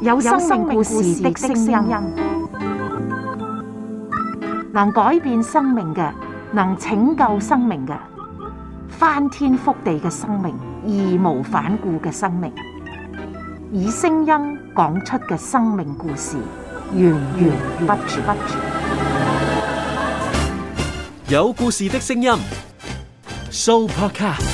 有生命故事的聲音，能改變生命嘅，能拯救生命嘅，翻天覆地嘅生命，義無反顧嘅生命，以聲音講出嘅生命故事，源源不絕。有故事的聲音，Supercar。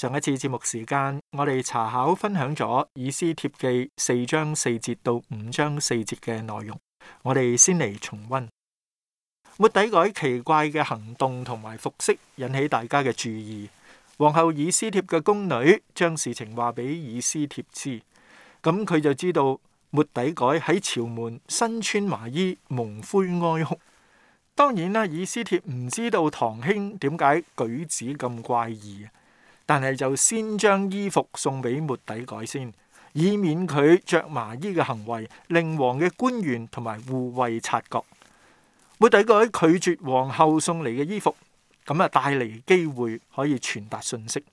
上一次節目時間，我哋查考分享咗以斯帖記四章四節到五章四節嘅內容。我哋先嚟重溫。末底改奇怪嘅行動同埋服飾引起大家嘅注意。皇后以斯帖嘅宮女將事情話俾以斯帖知，咁佢就知道末底改喺朝門身穿麻衣，蒙灰哀哭。當然啦，以斯帖唔知道堂兄點解舉止咁怪異。但係就先將衣服送俾末底改先，以免佢着麻衣嘅行為令王嘅官員同埋護衛察覺。末底改拒絕皇后送嚟嘅衣服，咁啊帶嚟機會可以傳達信息。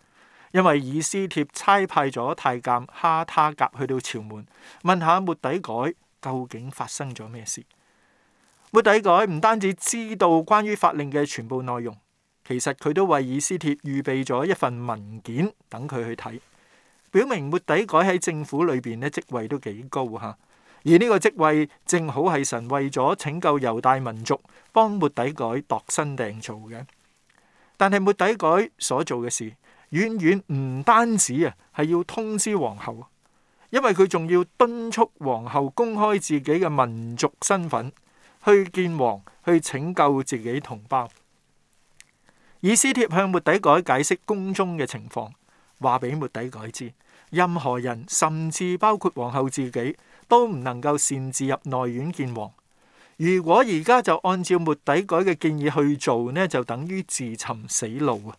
因為以斯帖差派咗太監哈他甲去到朝門，問下末底改究竟發生咗咩事。末底改唔單止知道關於法令嘅全部內容。其實佢都為以斯帖預備咗一份文件等佢去睇，表明末底改喺政府裏邊嘅職位都幾高吓，而呢個職位正好係神為咗拯救猶大民族，幫末底改度身訂造嘅。但係末底改所做嘅事，遠遠唔單止啊，係要通知皇后，因為佢仲要敦促皇后公開自己嘅民族身份，去見王，去拯救自己同胞。以斯帖向末底改解釋宮中嘅情況，話俾末底改知，任何人甚至包括皇后自己，都唔能夠擅自入內院見王。如果而家就按照末底改嘅建議去做呢，就等於自尋死路啊！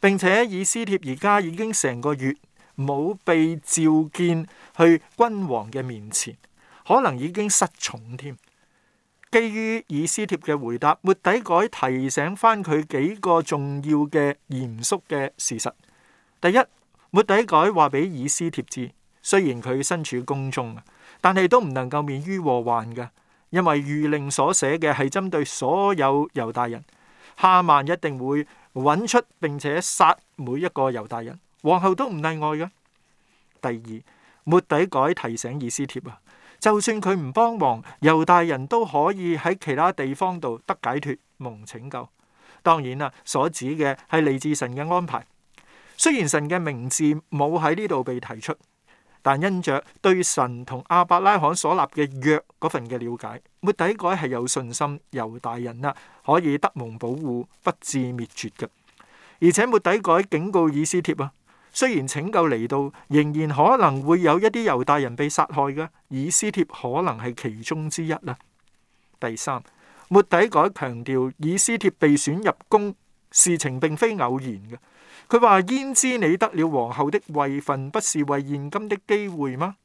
並且以斯帖而家已經成個月冇被召見去君王嘅面前，可能已經失寵添。基於以斯帖嘅回答，抹底改提醒返佢幾個重要嘅嚴肅嘅事實。第一，抹底改話俾以斯帖知，雖然佢身處宮中啊，但係都唔能夠免於禍患嘅，因為諭令所寫嘅係針對所有猶大人，哈曼一定會揾出並且殺每一個猶大人，皇后都唔例外嘅。第二，抹底改提醒以斯帖啊。就算佢唔幫忙，猶大人都可以喺其他地方度得解脫蒙拯救。當然啦，所指嘅係嚟自神嘅安排。雖然神嘅名字冇喺呢度被提出，但因着對神同亞伯拉罕所立嘅約嗰份嘅了解，抹底改係有信心猶大人啦，可以得蒙保護不致滅絕嘅。而且抹底改警告以斯帖啊。雖然拯救嚟到，仍然可能會有一啲猶大人被殺害嘅，以斯帖可能係其中之一啦。第三，末底改強調以斯帖被選入宮，事情並非偶然嘅。佢話：焉知你得了皇后的位份，不是為現今的機會嗎？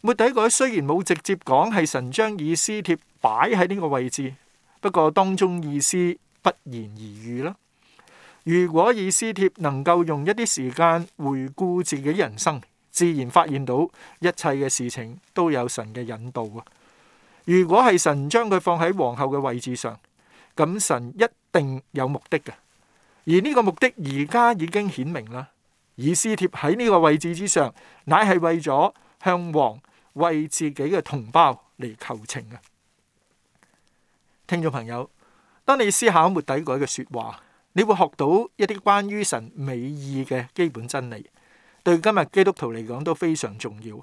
末底改雖然冇直接講係神將以斯帖擺喺呢個位置，不過當中意思不言而喻啦。如果以斯帖能夠用一啲時間回顧自己人生，自然發現到一切嘅事情都有神嘅引導啊！如果係神將佢放喺皇后嘅位置上，咁神一定有目的嘅。而呢個目的而家已經顯明啦。以斯帖喺呢個位置之上，乃係為咗向王為自己嘅同胞嚟求情嘅。聽眾朋友，當你思考末底改嘅說話。你會學到一啲關於神美意嘅基本真理，對今日基督徒嚟講都非常重要。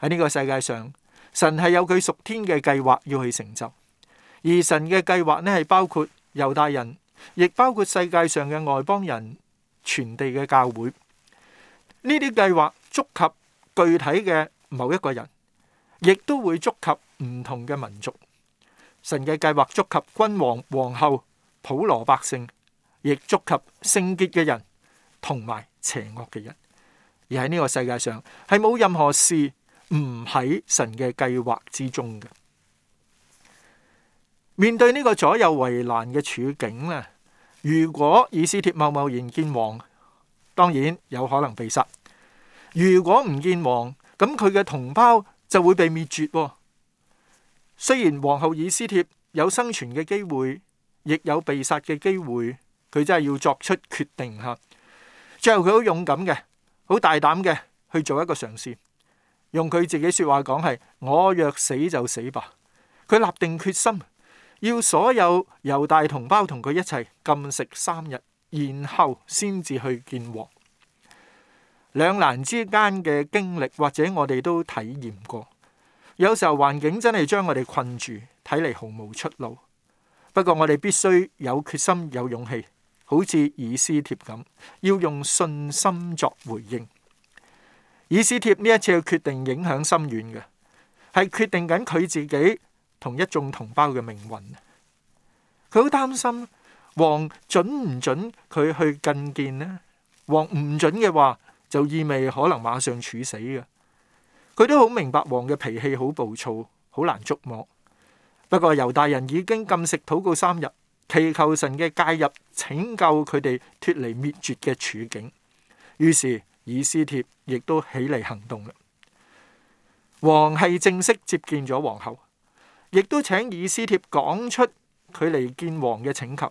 喺呢個世界上，神係有佢屬天嘅計劃要去成就，而神嘅計劃呢，係包括猶大人，亦包括世界上嘅外邦人，全地嘅教會。呢啲計劃觸及具體嘅某一個人，亦都會觸及唔同嘅民族。神嘅計劃觸及君王、皇后、普羅百姓。亦觸及聖潔嘅人，同埋邪惡嘅人。而喺呢個世界上，係冇任何事唔喺神嘅計劃之中嘅。面對呢個左右為難嘅處境咧，如果以斯帖貿貿然見王，當然有可能被殺；如果唔見王，咁佢嘅同胞就會被滅絕。雖然皇后以斯帖有生存嘅機會，亦有被殺嘅機會。佢真係要作出決定吓。最後佢好勇敢嘅，好大膽嘅，去做一個嘗試。用佢自己説話講係：我若死就死吧。佢立定決心，要所有猶大同胞同佢一齊禁食三日，然後先至去見王。兩難之間嘅經歷，或者我哋都體驗過。有時候環境真係將我哋困住，睇嚟毫無出路。不過我哋必須有決心，有勇氣。好似以斯帖咁，要用信心作回應。以斯帖呢一次嘅決定影響深遠嘅，係決定緊佢自己同一眾同胞嘅命運。佢好擔心王准唔准佢去覲見呢？王唔准嘅話，就意味可能馬上處死嘅。佢都好明白王嘅脾氣好暴躁，好難捉摸。不過猶大人已經禁食禱告三日。祈求神嘅介入，拯救佢哋脫離滅絕嘅處境，於是以斯帖亦都起嚟行動啦。王係正式接見咗皇后，亦都請以斯帖講出佢嚟見王嘅請求。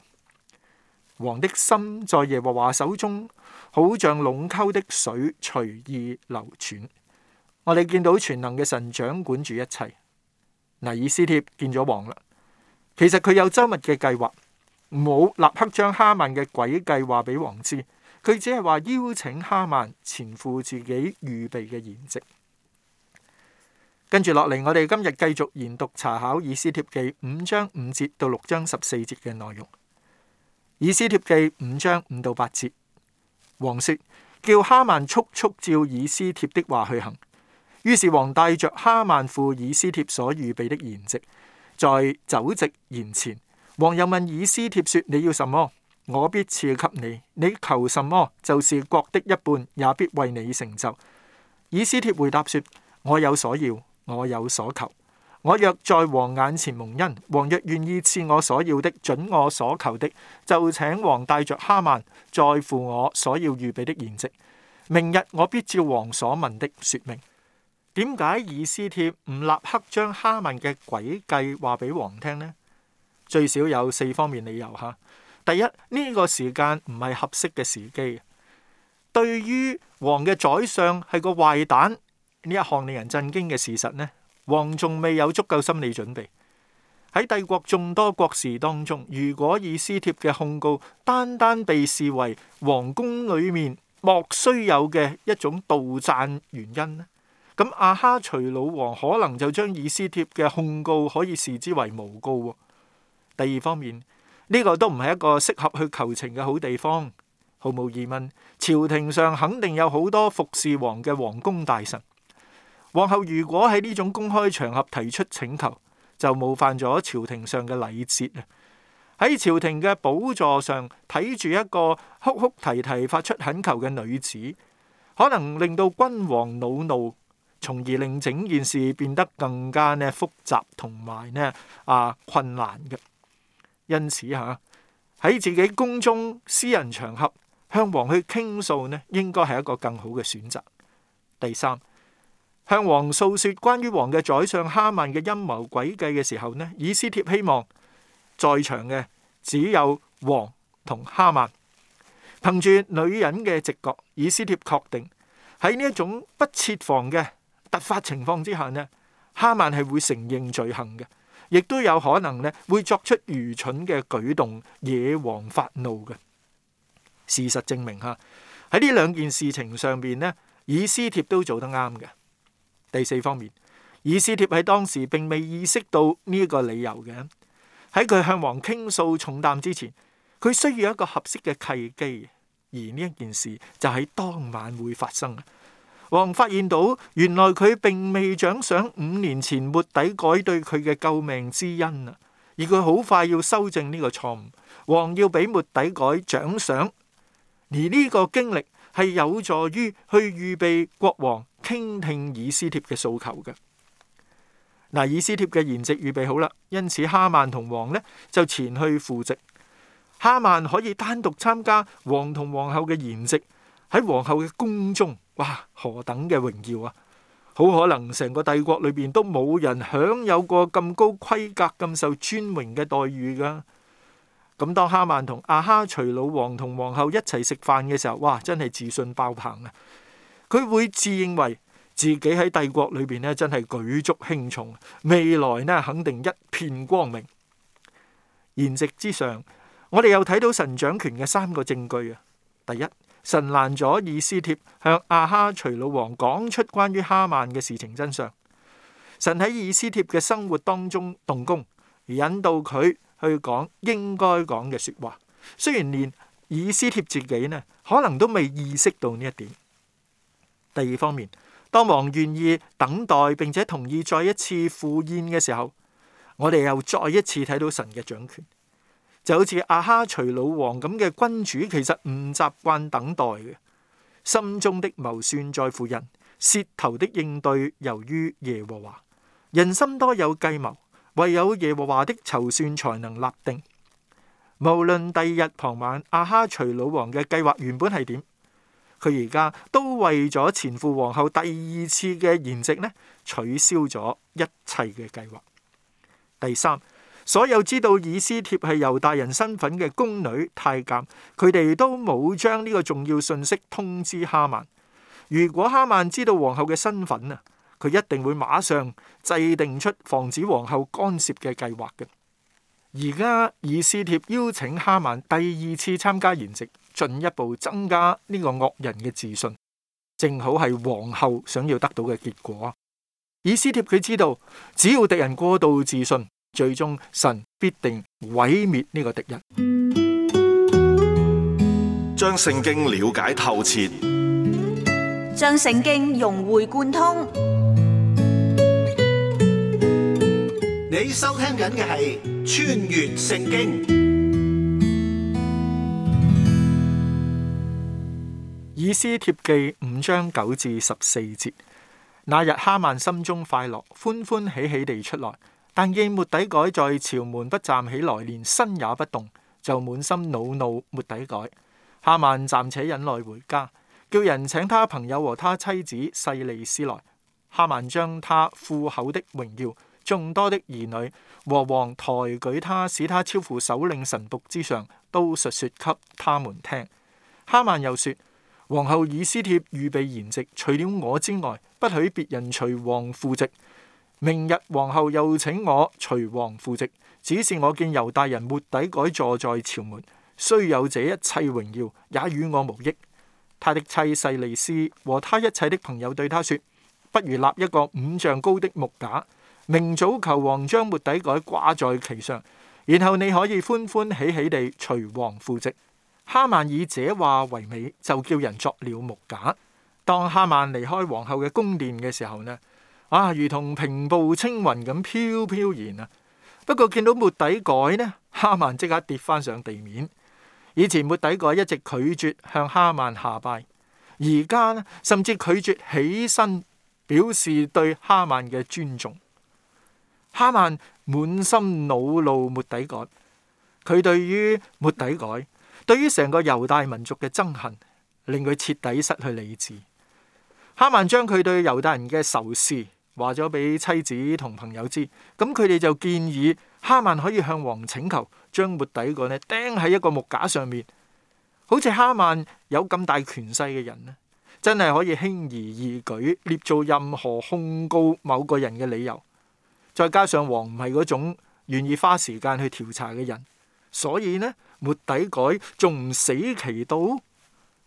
王的心在耶和華手中，好像隴溝的水隨意流轉。我哋見到全能嘅神掌管住一切。嗱，以斯帖見咗王啦，其實佢有周密嘅計劃。冇立刻將哈曼嘅詭計話俾王知，佢只係話邀請哈曼前赴自己預備嘅筵席。跟住落嚟，我哋今日繼續研讀查考以斯帖記五章五節到六章十四節嘅內容。以斯帖記五章五到八節，王說：叫哈曼速速照以斯帖的話去行。於是王帶着哈曼赴以斯帖所預備的筵席，在酒席筵前。王又問以斯帖說：你要什麼，我必賜給你；你求什麼，就是國的一半，也必為你成就。以斯帖回答說：我有所要，我有所求。我若在王眼前蒙恩，王若願意賜我所要的，准我所求的，就請王帶着哈曼再赴我所要預備的筵席。明日我必照王所問的說明。點解以斯帖唔立刻將哈曼嘅詭計話俾王聽呢？最少有四方面理由吓。第一，呢、這個時間唔係合適嘅時機。對於王嘅宰相係個壞蛋呢一項令人震驚嘅事實呢，王仲未有足夠心理準備。喺帝國眾多國事當中，如果以斯帖嘅控告單單被視為皇宮裏面莫須有嘅一種道贊原因咧，咁、啊、阿哈徐老王可能就將以斯帖嘅控告可以視之為誣告。第二方面，呢、這個都唔係一個適合去求情嘅好地方，毫無疑問。朝廷上肯定有好多服侍王嘅王宮大臣，王后如果喺呢種公開場合提出請求，就冒犯咗朝廷上嘅禮節啊！喺朝廷嘅寶座上睇住一個哭哭啼啼、發出懇求嘅女子，可能令到君王惱怒，從而令整件事變得更加咧複雜同埋咧啊困難嘅。因此吓喺自己宮中私人場合向王去傾訴呢，應該係一個更好嘅選擇。第三，向王訴說關於王嘅宰相哈曼嘅陰謀詭計嘅時候呢，以斯帖希望在場嘅只有王同哈曼。憑住女人嘅直覺，以斯帖確定喺呢一種不設防嘅突發情況之下呢，哈曼係會承認罪行嘅。亦都有可能咧，會作出愚蠢嘅舉動，惹王發怒嘅。事實證明嚇，喺呢兩件事情上邊，呢以斯帖都做得啱嘅。第四方面，以斯帖喺當時並未意識到呢一個理由嘅。喺佢向王傾訴重擔之前，佢需要一個合適嘅契機，而呢一件事就喺當晚會發生。王發現到原來佢並未獎賞五年前末底改對佢嘅救命之恩啊，而佢好快要修正呢個錯誤。王要俾末底改獎賞，而呢個經歷係有助於去預備國王傾聽以斯帖嘅訴求嘅嗱。以斯帖嘅筵席預備好啦，因此哈曼同王呢就前去赴席。哈曼可以單獨參加王同皇后嘅筵席，喺皇后嘅宮中。哇，何等嘅榮耀啊！好可能成個帝國裏邊都冇人享有過咁高規格、咁受尊榮嘅待遇噶。咁、啊、當哈曼同阿哈隨魯王同王后一齊食飯嘅時候，哇，真係自信爆棚啊！佢會自認為自己喺帝國裏邊咧，真係舉足輕重，未來咧肯定一片光明。筵席之上，我哋又睇到神掌權嘅三個證據啊！第一。神攔咗以斯帖向亞哈隨魯王講出關於哈曼嘅事情真相。神喺以斯帖嘅生活當中動工，引導佢去講應該講嘅說話。雖然連以斯帖自己呢，可能都未意識到呢一點。第二方面，當王願意等待並且同意再一次赴宴嘅時候，我哋又再一次睇到神嘅掌權。就好似阿哈除老王咁嘅君主，其實唔習慣等待嘅。心中的謀算在乎人，舌頭的應對由於耶和華。人心多有計謀，唯有耶和華的籌算才能立定。無論第二日傍晚阿哈除老王嘅計劃原本係點，佢而家都為咗前父皇后第二次嘅筵席呢，取消咗一切嘅計劃。第三。所有知道以斯帖係猶大人身份嘅宮女太監，佢哋都冇將呢個重要信息通知哈曼。如果哈曼知道皇后嘅身份啊，佢一定會馬上制定出防止皇后干涉嘅計劃嘅。而家以斯帖邀請哈曼第二次參加筵席，進一步增加呢個惡人嘅自信，正好係皇后想要得到嘅結果。以斯帖佢知道，只要敵人過度自信。最終神必定毀滅呢個敵人。將聖經了解透徹，將聖經融會貫通。你收聽緊嘅係穿越聖經，以斯帖記五章九至十四節。那日哈曼心中快樂，歡歡喜喜地出來。但見沒底改在朝門不站起來，連身也不動，就滿心惱怒沒底改。哈曼暫且忍耐回家，叫人請他朋友和他妻子細利斯來。哈曼將他富厚的榮耀、眾多的兒女和王抬舉他，使他超乎首領臣僕之上，都述説給他們聽。哈曼又說：皇后以斯帖預備筵席，除了我之外，不許別人隨王赴席。明日皇后又請我隨王赴席，只是我見猶大人末底改坐在朝門，雖有這一切榮耀，也與我無益。他的妻細利斯和他一切的朋友對他說：不如立一個五丈高的木架，明早求王將末底改掛在其上，然後你可以歡歡喜喜地隨王赴席。哈曼以這話為美，就叫人作了木架。當哈曼離開皇后嘅宮殿嘅時候呢，啊，如同平步青雲咁飄飄然啊！不過見到末底改呢，哈曼即刻跌翻上地面。以前末底改一直拒絕向哈曼下拜，而家呢甚至拒絕起身表示對哈曼嘅尊重。哈曼滿心惱怒末底改，佢對於末底改對於成個猶大民族嘅憎恨，令佢徹底失去理智。哈曼將佢對猶大人嘅仇視，話咗俾妻子同朋友知，咁佢哋就建議哈曼可以向王請求，將末底改呢釘喺一個木架上面。好似哈曼有咁大權勢嘅人呢，真係可以輕而易舉捏造任何控告某個人嘅理由。再加上王唔係嗰種願意花時間去調查嘅人，所以呢末底改仲唔死其道？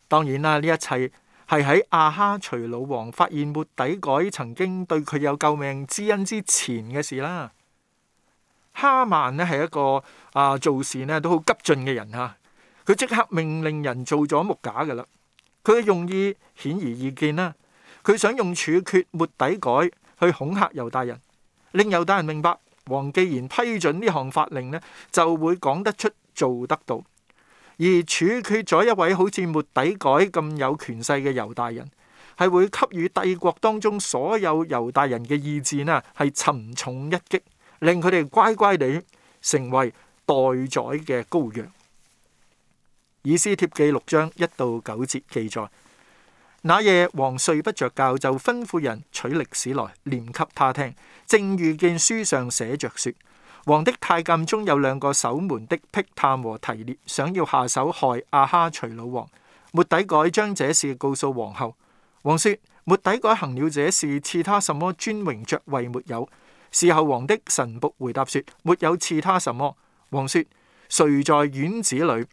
當然啦，呢一切。係喺亞哈隨魯王發現末底改曾經對佢有救命之恩之前嘅事啦。哈曼咧，係一個啊、呃、做事咧都好急進嘅人吓，佢即刻命令人做咗木架噶啦，佢嘅用意顯而易見啦，佢想用處決末底改去恐嚇猶大人，令猶大人明白王既然批准呢項法令咧，就會講得出做得到。而處決咗一位好似末底改咁有權勢嘅猶大人，係會給予帝國當中所有猶大人嘅意志啦，係沉重一擊，令佢哋乖乖地成為待宰嘅羔羊。以斯帖記六章一到九節記載：那夜王睡不着覺，就吩咐人取歷史來念給他聽，正遇見書上寫着說：王的太監中有兩個守門的，辟探和提列，想要下手害亞哈隨魯王。末底改將這事告訴皇后，王說：末底改行了這事，賜他什麼尊榮爵位沒有？伺候王的臣僕回答說：沒有賜他什麼。王說：誰在院子裏？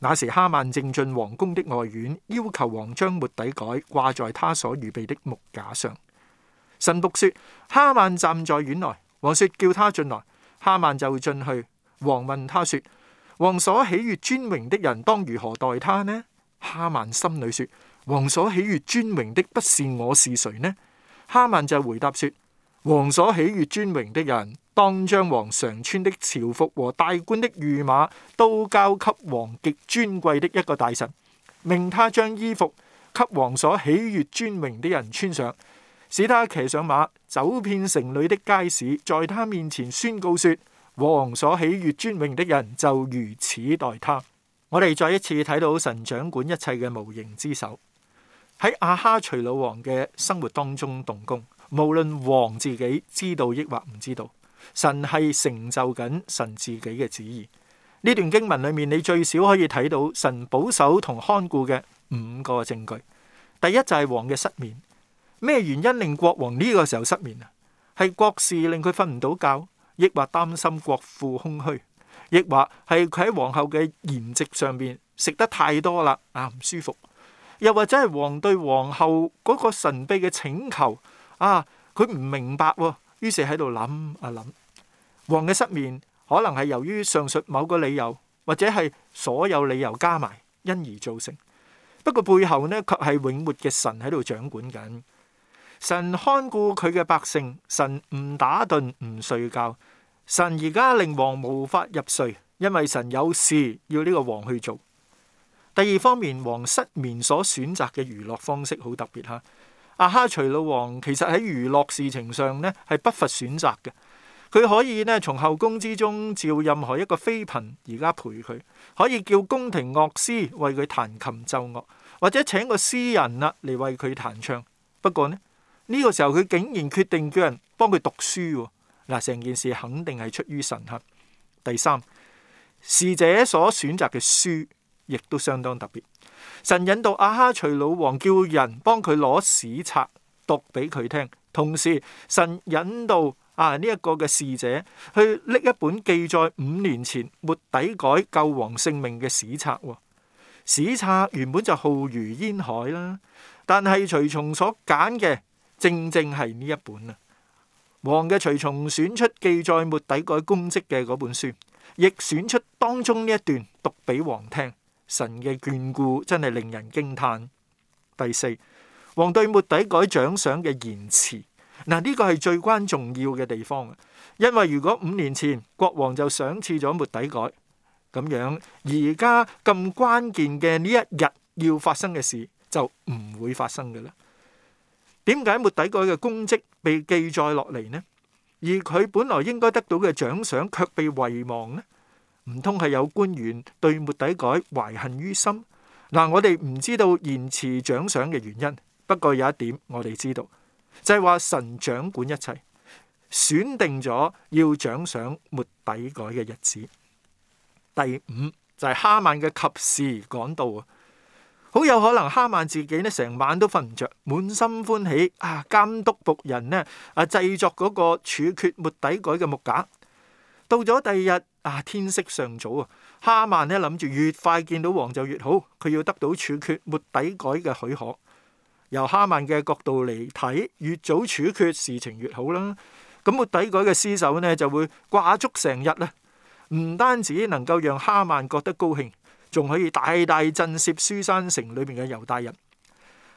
那時哈曼正進皇宮的外院，要求王將末底改掛在他所預備的木架上。臣僕說：哈曼站在院內。王說：叫他進來。哈曼就進去，王問他說：王所喜悅尊榮的人當如何待他呢？哈曼心裏說：王所喜悅尊榮的不是我是誰呢？哈曼就回答說：王所喜悅尊榮的人，當將王常穿的朝服和大冠的御馬，都交給王極尊貴的一個大臣，命他將衣服給王所喜悅尊榮的人穿上。使他騎上馬，走遍城裏的街市，在他面前宣告說：王所喜悅尊榮的人就如此待他。我哋再一次睇到神掌管一切嘅無形之手，喺亞哈隨魯王嘅生活當中動工，無論王自己知道抑或唔知道，神係成就緊神自己嘅旨意。呢段經文裏面，你最少可以睇到神保守同看顧嘅五個證據。第一就係王嘅失眠。咩原因令國王呢個時候失眠啊？係國事令佢瞓唔到覺，亦或擔心國庫空虛，亦或係佢喺皇后嘅筵席上面食得太多啦啊，唔舒服，又或者係王對皇后嗰個神秘嘅請求啊，佢唔明白，哦，於是喺度諗啊諗。王嘅失眠可能係由於上述某個理由，或者係所有理由加埋，因而造成。不過背後呢，卻係永活嘅神喺度掌管緊。神看顧佢嘅百姓，神唔打盹唔睡覺，神而家令王無法入睡，因為神有事要呢個王去做。第二方面，王失眠所選擇嘅娛樂方式好特別吓。亞哈隨魯王其實喺娛樂事情上呢係不乏選擇嘅，佢可以呢從后宮之中召任何一個妃嬪而家陪佢，可以叫宮廷樂師為佢彈琴奏樂，或者請個詩人啊嚟為佢彈唱。不過呢，呢個時候，佢竟然決定叫人幫佢讀書喎。嗱，成件事肯定係出於神。第三，侍者所選擇嘅書，亦都相當特別。神引導亞哈隨魯王叫人幫佢攞史冊讀俾佢聽，同時神引導啊呢一個嘅侍者去拎一本記載五年前末底改救王性命嘅史冊喎。史冊原本就浩如煙海啦，但係隨從所揀嘅。正正係呢一本啊，王嘅隨從選出記載末底改功績嘅嗰本書，亦選出當中呢一段讀俾王聽。神嘅眷顧真係令人驚嘆。第四，王對末底改獎賞嘅言辭，嗱，呢個係最關重要嘅地方啊，因為如果五年前國王就賞賜咗末底改，咁樣而家咁關鍵嘅呢一日要發生嘅事，就唔會發生嘅啦。點解末底改嘅功績被記載落嚟呢？而佢本來應該得到嘅獎賞卻被遺忘呢？唔通係有官員對末底改懷恨於心？嗱，我哋唔知道延遲獎賞嘅原因。不過有一點我哋知道，就係話神掌管一切，選定咗要獎賞末底改嘅日子。第五就係哈曼嘅及時趕到啊！好有可能哈曼自己呢成晚都瞓唔着，滿心歡喜啊！監督僕人咧啊製作嗰個處決末底改嘅木架。到咗第二日啊，天色尚早啊，哈曼呢諗住越快見到王就越好，佢要得到處決末底改嘅許可。由哈曼嘅角度嚟睇，越早處決事情越好啦。咁末底改嘅屍首呢就會掛足成日咧，唔單止能夠讓哈曼覺得高興。仲可以大大震懾書山城裏邊嘅猶大人。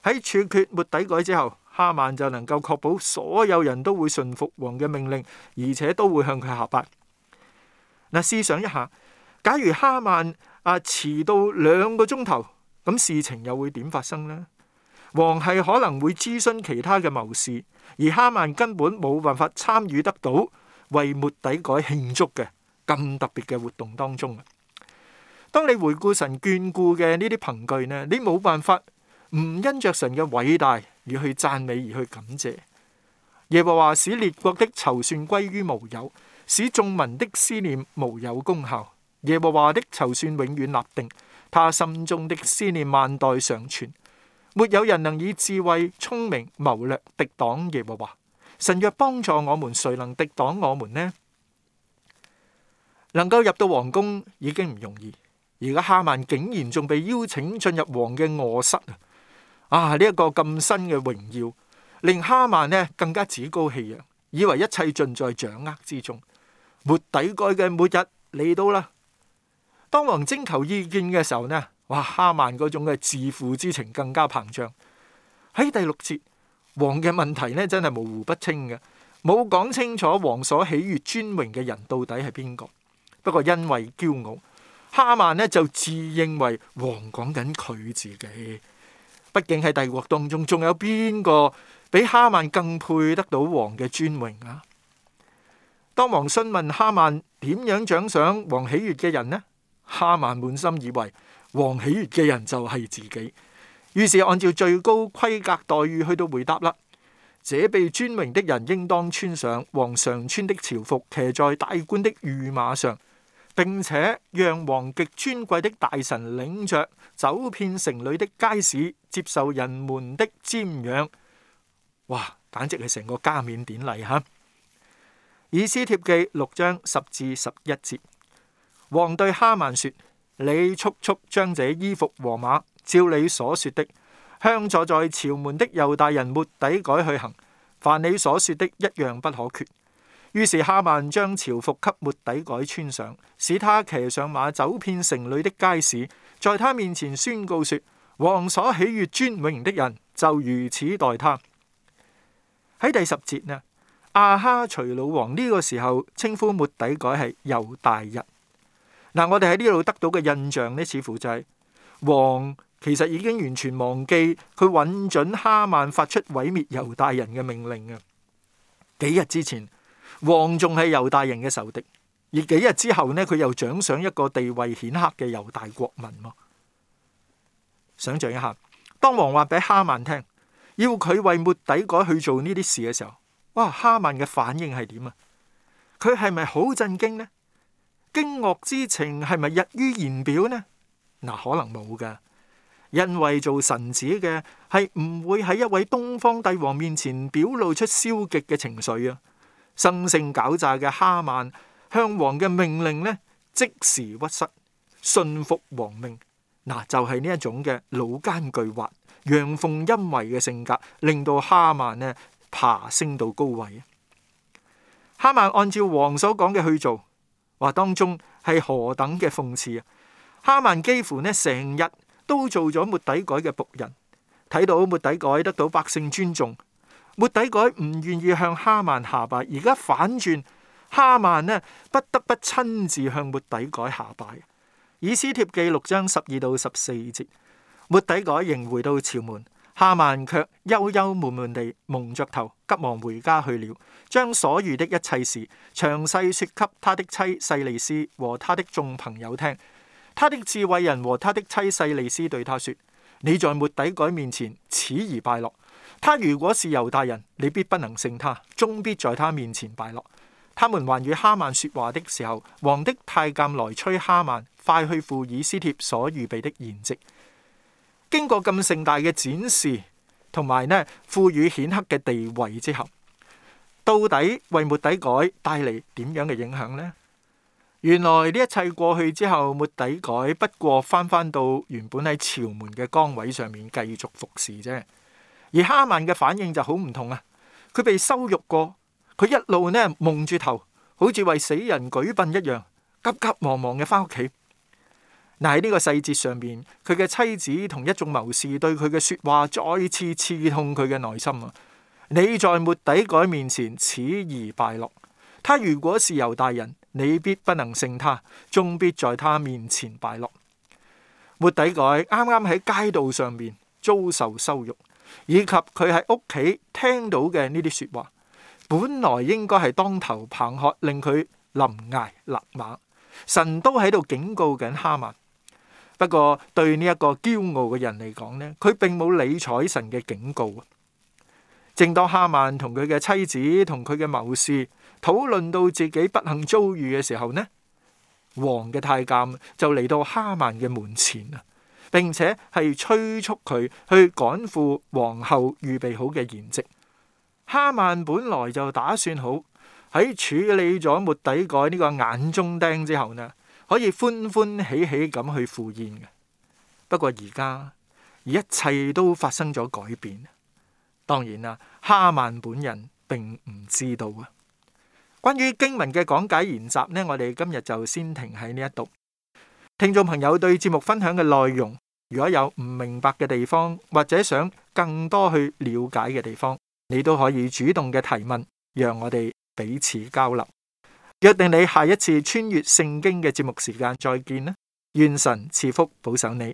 喺處決末底改之後，哈曼就能夠確保所有人都會順服王嘅命令，而且都會向佢下拜。嗱，試想一下，假如哈曼啊遲到兩個鐘頭，咁事情又會點發生呢？王係可能會諮詢其他嘅謀士，而哈曼根本冇辦法參與得到為末底改慶祝嘅咁特別嘅活動當中啊！當你回顧神眷顧嘅呢啲憑據呢，你冇辦法唔因着神嘅偉大而去讚美，而去感謝。耶和華使列國的籌算歸於無有，使眾民的思念無有功效。耶和華的籌算永遠立定，他心中的思念萬代常存。沒有人能以智慧、聰明、謀略敵擋耶和華。神若幫助我們，誰能敵擋我們呢？能夠入到皇宮已經唔容易。而家哈曼竟然仲被邀請進入王嘅臥室啊！呢、這、一個咁新嘅榮耀，令哈曼呢更加趾高氣揚，以為一切盡在掌握之中。末底改嘅末日嚟到啦！當王征求意見嘅時候呢，哇，哈曼嗰種嘅自負之情更加膨脹。喺第六節，王嘅問題呢真係模糊不清嘅，冇講清楚王所喜悦尊榮嘅人到底係邊個。不過因為驕傲。哈曼呢就自認為王講緊佢自己，畢竟喺帝國當中仲有邊個比哈曼更配得到王嘅尊榮啊？當王詢問哈曼點樣獎賞王喜悅嘅人呢？哈曼滿心以為王喜悅嘅人就係自己，於是按照最高規格待遇去到回答啦。這被尊榮的人應當穿上皇上穿的朝服，騎在大官的御馬上。並且讓王極尊貴的大臣領着，走遍城裏的街市，接受人們的瞻仰。哇，簡直係成個加冕典禮哈！以斯帖記六章十至十一節，王對哈曼說：你速速將這衣服和馬，照你所說的，向坐在朝門的猶大人末底改去行，凡你所說的，一樣不可缺。於是哈曼將朝服給末底改穿上，使他騎上馬走遍城裏的街市，在他面前宣告說：王所喜悅尊榮的人就如此待他。喺第十節呢，亞哈隨魯王呢個時候稱呼末底改係猶大人。嗱，我哋喺呢度得到嘅印象呢，似乎就係王其實已經完全忘記佢允准哈曼發出毀滅猶大人嘅命令啊！幾日之前。王仲係猶大人嘅仇敵，而幾日之後呢，佢又獎賞一個地位顯赫嘅猶大國民。想象一下，當王話俾哈曼聽，要佢為末底改去做呢啲事嘅時候，哇！哈曼嘅反應係點啊？佢係咪好震驚呢？驚愕之情係咪溢於言表呢？嗱，可能冇噶，因為做臣子嘅係唔會喺一位東方帝王面前表露出消極嘅情緒啊。生性狡詐嘅哈曼向王嘅命令呢，即時屈膝順服王命，嗱，就係呢一種嘅老奸巨猾、陽奉陰違嘅性格，令到哈曼呢爬升到高位。哈曼按照王所講嘅去做，話當中係何等嘅諷刺啊！哈曼幾乎呢成日都做咗末底改嘅僕人，睇到末底改得到百姓尊重。末底改唔願意向哈曼下拜，而家反轉，哈曼呢不得不親自向末底改下拜。以斯帖記六章十二到十四節，末底改仍回到朝門，哈曼卻憂憂悶悶地蒙着頭，急忙回家去了，將所遇的一切事詳細説給他的妻細利斯和他的眾朋友聽。他的智慧人和他的妻細利斯對他說：你在末底改面前始而敗落。他如果是猶大人，你必不能勝他，終必在他面前敗落。他們還與哈曼說話的時候，王的太監來催哈曼快去赴以斯帖所預備的筵席。經過咁盛大嘅展示，同埋呢賦予顯赫嘅地位之後，到底為末底改帶嚟點樣嘅影響呢？原來呢一切過去之後，末底改不過返返到原本喺朝門嘅崗位上面繼續服侍啫。而哈曼嘅反應就好唔同啊！佢被羞辱過，佢一路呢蒙住頭，好似為死人舉殯一樣，急急忙忙嘅翻屋企。嗱，喺呢個細節上面，佢嘅妻子同一眾謀士對佢嘅説話再次刺痛佢嘅內心啊！你在末底改面前始而敗落，他如果是猶大人，你必不能勝他，終必在他面前敗落。末底改啱啱喺街道上面遭受羞辱，以及佢喺屋企聽到嘅呢啲説話，本來應該係當頭棒喝，令佢臨崖勒馬。神都喺度警告緊哈曼。不過對呢一個驕傲嘅人嚟講呢，佢並冇理睬神嘅警告。正當哈曼同佢嘅妻子同佢嘅謀士討論到自己不幸遭遇嘅時候呢，王嘅太監就嚟到哈曼嘅門前啊！並且係催促佢去趕赴皇后預備好嘅筵席。哈曼本來就打算好喺處理咗末底改呢個眼中釘之後呢，可以歡歡喜喜咁去赴宴嘅。不過而家一切都發生咗改變。當然啦，哈曼本人並唔知道啊。關於經文嘅講解研習呢，我哋今日就先停喺呢一度。聽眾朋友對節目分享嘅內容，如果有唔明白嘅地方，或者想更多去了解嘅地方，你都可以主動嘅提問，讓我哋彼此交流。約定你下一次穿越聖經嘅節目時間，再見啦！願神賜福保守你。